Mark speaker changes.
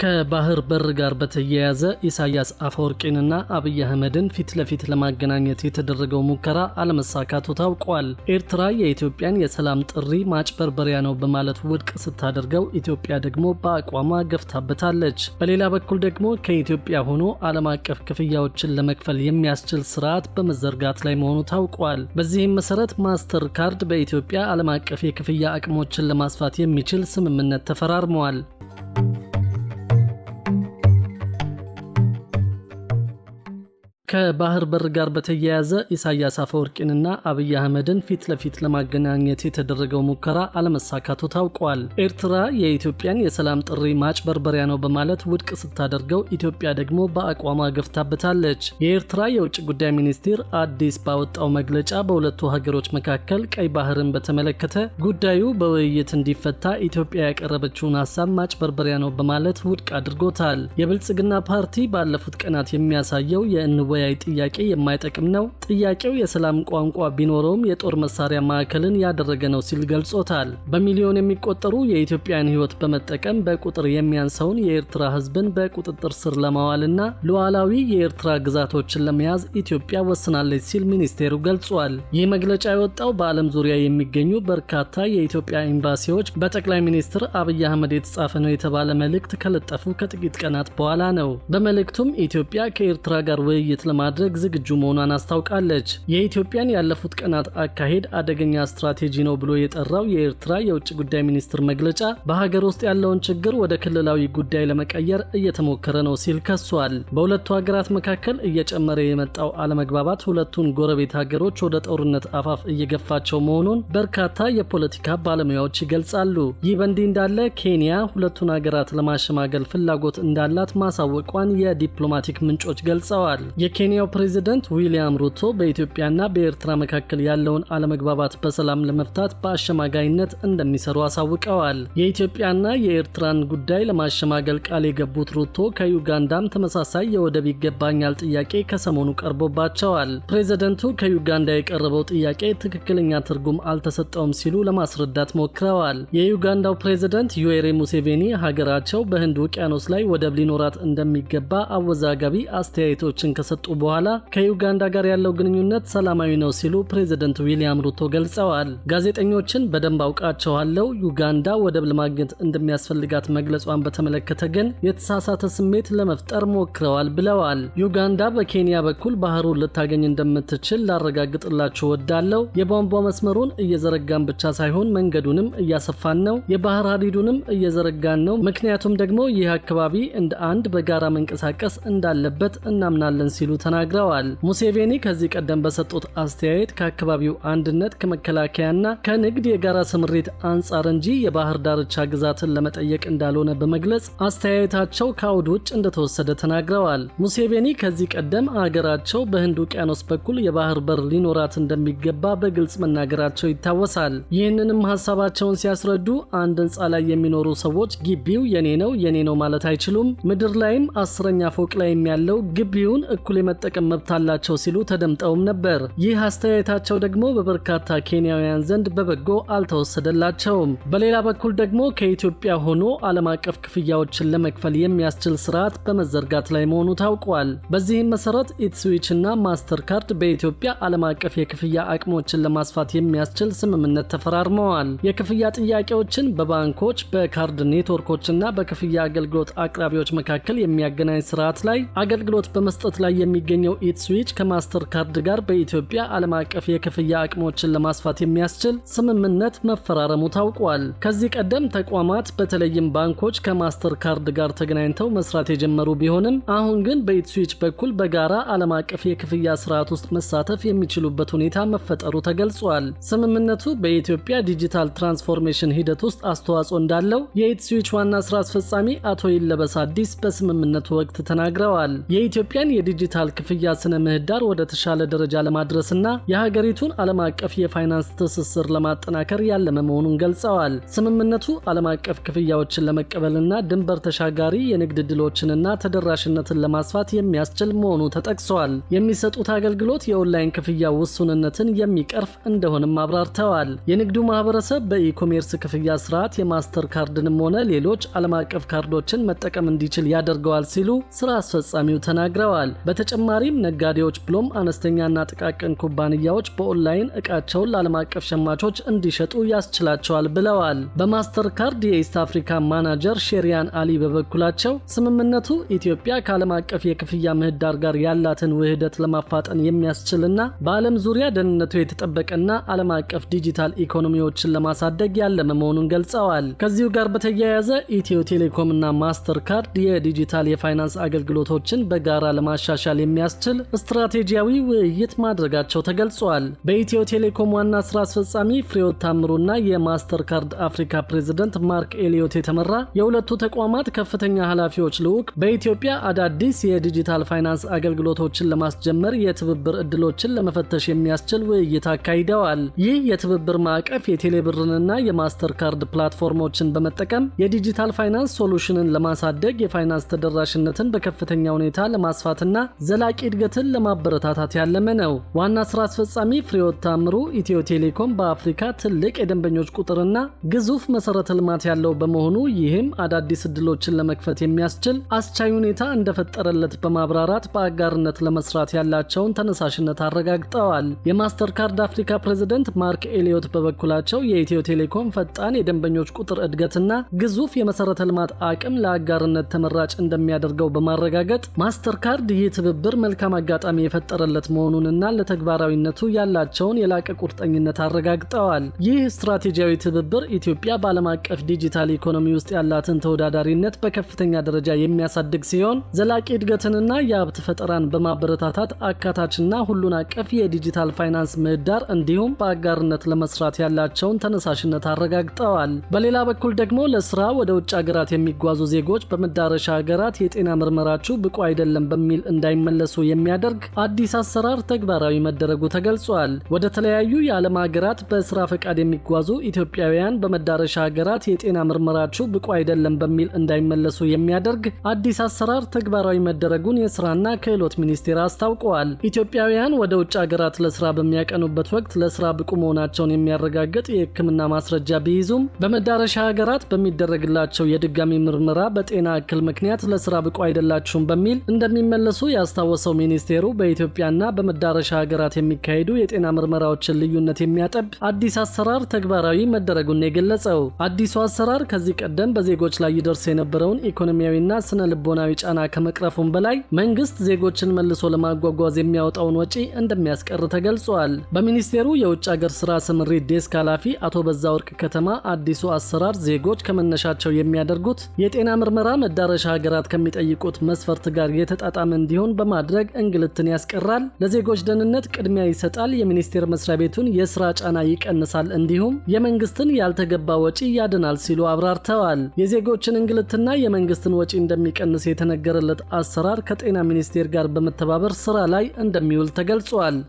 Speaker 1: ከባህር በር ጋር በተያያዘ ኢሳያስ አፈወርቂንና አብይ አህመድን ፊት ለፊት ለማገናኘት የተደረገው ሙከራ አለመሳካቱ ታውቋል። ኤርትራ የኢትዮጵያን የሰላም ጥሪ ማጭበርበሪያ ነው በማለት ውድቅ ስታደርገው፣ ኢትዮጵያ ደግሞ በአቋሟ ገፍታበታለች። በሌላ በኩል ደግሞ ከኢትዮጵያ ሆኖ ዓለም አቀፍ ክፍያዎችን ለመክፈል የሚያስችል ስርዓት በመዘርጋት ላይ መሆኑ ታውቋል። በዚህም መሰረት ማስተር ካርድ በኢትዮጵያ ዓለም አቀፍ የክፍያ አቅሞችን ለማስፋት የሚችል ስምምነት ተፈራርመዋል። ከባህር በር ጋር በተያያዘ ኢሳያስ አፈወርቂንና አብይ አህመድን ፊት ለፊት ለማገናኘት የተደረገው ሙከራ አለመሳካቱ ታውቋል። ኤርትራ የኢትዮጵያን የሰላም ጥሪ ማጭበርበሪያ ነው በማለት ውድቅ ስታደርገው፣ ኢትዮጵያ ደግሞ በአቋሟ ገፍታበታለች። የኤርትራ የውጭ ጉዳይ ሚኒስቴር አዲስ ባወጣው መግለጫ በሁለቱ ሀገሮች መካከል ቀይ ባህርን በተመለከተ ጉዳዩ በውይይት እንዲፈታ ኢትዮጵያ ያቀረበችውን ሀሳብ ማጭበርበሪያ ነው በማለት ውድቅ አድርጎታል። የብልጽግና ፓርቲ ባለፉት ቀናት የሚያሳየው የእንወ የሚያወያይ ጥያቄ የማይጠቅም ነው፣ ጥያቄው የሰላም ቋንቋ ቢኖረውም የጦር መሳሪያ ማዕከልን ያደረገ ነው ሲል ገልጾታል። በሚሊዮን የሚቆጠሩ የኢትዮጵያን ሕይወት በመጠቀም በቁጥር የሚያንሰውን የኤርትራ ሕዝብን በቁጥጥር ስር ለማዋልና ሉዓላዊ የኤርትራ ግዛቶችን ለመያዝ ኢትዮጵያ ወስናለች ሲል ሚኒስቴሩ ገልጿል። ይህ መግለጫ የወጣው በዓለም ዙሪያ የሚገኙ በርካታ የኢትዮጵያ ኤምባሲዎች በጠቅላይ ሚኒስትር አብይ አህመድ የተጻፈ ነው የተባለ መልእክት ከለጠፉ ከጥቂት ቀናት በኋላ ነው። በመልእክቱም ኢትዮጵያ ከኤርትራ ጋር ውይይት ለማድረግ ዝግጁ መሆኗን አስታውቃለች። የኢትዮጵያን ያለፉት ቀናት አካሄድ አደገኛ ስትራቴጂ ነው ብሎ የጠራው የኤርትራ የውጭ ጉዳይ ሚኒስትር መግለጫ በሀገር ውስጥ ያለውን ችግር ወደ ክልላዊ ጉዳይ ለመቀየር እየተሞከረ ነው ሲል ከሷል። በሁለቱ ሀገራት መካከል እየጨመረ የመጣው አለመግባባት ሁለቱን ጎረቤት ሀገሮች ወደ ጦርነት አፋፍ እየገፋቸው መሆኑን በርካታ የፖለቲካ ባለሙያዎች ይገልጻሉ። ይህ በእንዲህ እንዳለ ኬንያ ሁለቱን ሀገራት ለማሸማገል ፍላጎት እንዳላት ማሳወቋን የዲፕሎማቲክ ምንጮች ገልጸዋል። የኬንያው ፕሬዝደንት ዊሊያም ሩቶ በኢትዮጵያና በኤርትራ መካከል ያለውን አለመግባባት በሰላም ለመፍታት በአሸማጋይነት እንደሚሰሩ አሳውቀዋል። የኢትዮጵያና የኤርትራን ጉዳይ ለማሸማገል ቃል የገቡት ሩቶ ከዩጋንዳም ተመሳሳይ የወደብ ይገባኛል ጥያቄ ከሰሞኑ ቀርቦባቸዋል። ፕሬዝደንቱ ከዩጋንዳ የቀረበው ጥያቄ ትክክለኛ ትርጉም አልተሰጠውም ሲሉ ለማስረዳት ሞክረዋል። የዩጋንዳው ፕሬዝደንት ዩዌሪ ሙሴቬኒ ሀገራቸው በህንድ ውቅያኖስ ላይ ወደብ ሊኖራት እንደሚገባ አወዛጋቢ አስተያየቶችን ከሰጡ ከወጡ በኋላ ከዩጋንዳ ጋር ያለው ግንኙነት ሰላማዊ ነው ሲሉ ፕሬዚደንት ዊሊያም ሩቶ ገልጸዋል። ጋዜጠኞችን በደንብ አውቃቸዋለሁ፣ ዩጋንዳ ወደብ ለማግኘት እንደሚያስፈልጋት መግለጿን በተመለከተ ግን የተሳሳተ ስሜት ለመፍጠር ሞክረዋል ብለዋል። ዩጋንዳ በኬንያ በኩል ባህሩን ልታገኝ እንደምትችል ላረጋግጥላችሁ ወዳለው የቧንቧ መስመሩን እየዘረጋን ብቻ ሳይሆን መንገዱንም እያሰፋን ነው። የባህር ሀዲዱንም እየዘረጋን ነው። ምክንያቱም ደግሞ ይህ አካባቢ እንደ አንድ በጋራ መንቀሳቀስ እንዳለበት እናምናለን ሲሉ ተናግረዋል። ሙሴቬኒ ከዚህ ቀደም በሰጡት አስተያየት ከአካባቢው አንድነት ከመከላከያና ከንግድ የጋራ ስምሪት አንጻር እንጂ የባህር ዳርቻ ግዛትን ለመጠየቅ እንዳልሆነ በመግለጽ አስተያየታቸው ከአውድ ውጭ እንደተወሰደ ተናግረዋል። ሙሴቬኒ ከዚህ ቀደም አገራቸው በህንድ ውቅያኖስ በኩል የባህር በር ሊኖራት እንደሚገባ በግልጽ መናገራቸው ይታወሳል። ይህንንም ሀሳባቸውን ሲያስረዱ አንድ ህንፃ ላይ የሚኖሩ ሰዎች ግቢው የኔ ነው የኔ ነው ማለት አይችሉም፣ ምድር ላይም አስረኛ ፎቅ ላይም ያለው ግቢውን እኩል የመጠቀም መብት አላቸው ሲሉ ተደምጠውም ነበር። ይህ አስተያየታቸው ደግሞ በበርካታ ኬንያውያን ዘንድ በበጎ አልተወሰደላቸውም። በሌላ በኩል ደግሞ ከኢትዮጵያ ሆኖ ዓለም አቀፍ ክፍያዎችን ለመክፈል የሚያስችል ስርዓት በመዘርጋት ላይ መሆኑ ታውቋል። በዚህም መሰረት ኢትስዊች እና ማስተር ካርድ በኢትዮጵያ ዓለም አቀፍ የክፍያ አቅሞችን ለማስፋት የሚያስችል ስምምነት ተፈራርመዋል። የክፍያ ጥያቄዎችን በባንኮች በካርድ ኔትወርኮች ና በክፍያ አገልግሎት አቅራቢዎች መካከል የሚያገናኝ ስርዓት ላይ አገልግሎት በመስጠት ላይ የሚ የሚገኘው ኢት ስዊች ከማስተር ካርድ ጋር በኢትዮጵያ ዓለም አቀፍ የክፍያ አቅሞችን ለማስፋት የሚያስችል ስምምነት መፈራረሙ ታውቋል። ከዚህ ቀደም ተቋማት በተለይም ባንኮች ከማስተር ካርድ ጋር ተገናኝተው መስራት የጀመሩ ቢሆንም አሁን ግን በኢት ስዊች በኩል በጋራ ዓለም አቀፍ የክፍያ ስርዓት ውስጥ መሳተፍ የሚችሉበት ሁኔታ መፈጠሩ ተገልጿል። ስምምነቱ በኢትዮጵያ ዲጂታል ትራንስፎርሜሽን ሂደት ውስጥ አስተዋጽኦ እንዳለው የኢት ስዊች ዋና ስራ አስፈጻሚ አቶ ይለበስ አዲስ በስምምነቱ ወቅት ተናግረዋል። የኢትዮጵያን የዲጂታል የዲጂታል ክፍያ ስነ ምህዳር ወደ ተሻለ ደረጃ ለማድረስና የሀገሪቱን ዓለም አቀፍ የፋይናንስ ትስስር ለማጠናከር ያለመ መሆኑን ገልጸዋል። ስምምነቱ ዓለም አቀፍ ክፍያዎችን ለመቀበልና ድንበር ተሻጋሪ የንግድ ድሎችንና ተደራሽነትን ለማስፋት የሚያስችል መሆኑ ተጠቅሷል። የሚሰጡት አገልግሎት የኦንላይን ክፍያ ውሱንነትን የሚቀርፍ እንደሆንም አብራርተዋል። የንግዱ ማህበረሰብ በኢኮሜርስ ክፍያ ስርዓት የማስተር ካርድንም ሆነ ሌሎች ዓለም አቀፍ ካርዶችን መጠቀም እንዲችል ያደርገዋል ሲሉ ስራ አስፈጻሚው ተናግረዋል። በተጨማሪም ነጋዴዎች ብሎም አነስተኛና ጥቃቅን ኩባንያዎች በኦንላይን እቃቸውን ለዓለም አቀፍ ሸማቾች እንዲሸጡ ያስችላቸዋል ብለዋል። በማስተር ካርድ የኢስት አፍሪካ ማናጀር ሼሪያን አሊ በበኩላቸው ስምምነቱ ኢትዮጵያ ከዓለም አቀፍ የክፍያ ምህዳር ጋር ያላትን ውህደት ለማፋጠን የሚያስችልና በዓለም ዙሪያ ደህንነቱ የተጠበቀና ዓለም አቀፍ ዲጂታል ኢኮኖሚዎችን ለማሳደግ ያለመ መሆኑን ገልጸዋል። ከዚሁ ጋር በተያያዘ ኢትዮ ቴሌኮም እና ማስተር ካርድ የዲጂታል የፋይናንስ አገልግሎቶችን በጋራ ለማሻሻል ለማሻሻል የሚያስችል ስትራቴጂያዊ ውይይት ማድረጋቸው ተገልጿል። በኢትዮ ቴሌኮም ዋና ስራ አስፈጻሚ ፍሬዎት ታምሩና የማስተር ካርድ አፍሪካ ፕሬዝደንት ማርክ ኤሊዮት የተመራ የሁለቱ ተቋማት ከፍተኛ ኃላፊዎች ልዑክ በኢትዮጵያ አዳዲስ የዲጂታል ፋይናንስ አገልግሎቶችን ለማስጀመር የትብብር እድሎችን ለመፈተሽ የሚያስችል ውይይት አካሂደዋል። ይህ የትብብር ማዕቀፍ የቴሌብርንና የማስተር ካርድ ፕላትፎርሞችን በመጠቀም የዲጂታል ፋይናንስ ሶሉሽንን ለማሳደግ የፋይናንስ ተደራሽነትን በከፍተኛ ሁኔታ ለማስፋትና ዘላቂ እድገትን ለማበረታታት ያለመ ነው። ዋና ስራ አስፈጻሚ ፍሬዎት ታምሩ ኢትዮ ቴሌኮም በአፍሪካ ትልቅ የደንበኞች ቁጥርና ግዙፍ መሰረተ ልማት ያለው በመሆኑ ይህም አዳዲስ እድሎችን ለመክፈት የሚያስችል አስቻይ ሁኔታ እንደፈጠረለት በማብራራት በአጋርነት ለመስራት ያላቸውን ተነሳሽነት አረጋግጠዋል። የማስተርካርድ አፍሪካ ፕሬዝደንት ማርክ ኤሊዮት በበኩላቸው የኢትዮ ቴሌኮም ፈጣን የደንበኞች ቁጥር እድገትና ግዙፍ የመሰረተ ልማት አቅም ለአጋርነት ተመራጭ እንደሚያደርገው በማረጋገጥ ማስተርካርድ ይህ ትብብ ትብብር መልካም አጋጣሚ የፈጠረለት መሆኑንና ለተግባራዊነቱ ያላቸውን የላቀ ቁርጠኝነት አረጋግጠዋል። ይህ ስትራቴጂያዊ ትብብር ኢትዮጵያ በዓለም አቀፍ ዲጂታል ኢኮኖሚ ውስጥ ያላትን ተወዳዳሪነት በከፍተኛ ደረጃ የሚያሳድግ ሲሆን ዘላቂ እድገትንና የሀብት ፈጠራን በማበረታታት አካታችና ሁሉን አቀፍ የዲጂታል ፋይናንስ ምህዳር እንዲሁም በአጋርነት ለመስራት ያላቸውን ተነሳሽነት አረጋግጠዋል። በሌላ በኩል ደግሞ ለስራ ወደ ውጭ ሀገራት የሚጓዙ ዜጎች በመዳረሻ ሀገራት የጤና ምርመራችሁ ብቁ አይደለም በሚል እንዳይመ እንዲመለሱ የሚያደርግ አዲስ አሰራር ተግባራዊ መደረጉ ተገልጿል። ወደ ተለያዩ የዓለም ሀገራት በስራ ፈቃድ የሚጓዙ ኢትዮጵያውያን በመዳረሻ ሀገራት የጤና ምርመራችሁ ብቁ አይደለም በሚል እንዳይመለሱ የሚያደርግ አዲስ አሰራር ተግባራዊ መደረጉን የስራና ክህሎት ሚኒስቴር አስታውቀዋል። ኢትዮጵያውያን ወደ ውጭ ሀገራት ለስራ በሚያቀኑበት ወቅት ለስራ ብቁ መሆናቸውን የሚያረጋግጥ የሕክምና ማስረጃ ቢይዙም በመዳረሻ ሀገራት በሚደረግላቸው የድጋሚ ምርመራ በጤና እክል ምክንያት ለስራ ብቁ አይደላችሁም በሚል እንደሚመለሱ ያስ ያስታወሰው ሚኒስቴሩ በኢትዮጵያና በመዳረሻ ሀገራት የሚካሄዱ የጤና ምርመራዎችን ልዩነት የሚያጠብ አዲስ አሰራር ተግባራዊ መደረጉን የገለጸው አዲሱ አሰራር ከዚህ ቀደም በዜጎች ላይ ይደርስ የነበረውን ኢኮኖሚያዊና ስነ ልቦናዊ ጫና ከመቅረፉም በላይ መንግስት ዜጎችን መልሶ ለማጓጓዝ የሚያወጣውን ወጪ እንደሚያስቀር ተገልጿል። በሚኒስቴሩ የውጭ ሀገር ስራ ስምሪት ዴስክ ኃላፊ አቶ በዛ ወርቅ ከተማ አዲሱ አሰራር ዜጎች ከመነሻቸው የሚያደርጉት የጤና ምርመራ መዳረሻ ሀገራት ከሚጠይቁት መስፈርት ጋር የተጣጣመ እንዲሆን በማድረግ እንግልትን ያስቀራል፣ ለዜጎች ደህንነት ቅድሚያ ይሰጣል፣ የሚኒስቴር መስሪያ ቤቱን የስራ ጫና ይቀንሳል፣ እንዲሁም የመንግስትን ያልተገባ ወጪ ያድናል ሲሉ አብራርተዋል። የዜጎችን እንግልትና የመንግስትን ወጪ እንደሚቀንስ የተነገረለት አሰራር ከጤና ሚኒስቴር ጋር በመተባበር ስራ ላይ እንደሚውል ተገልጿል።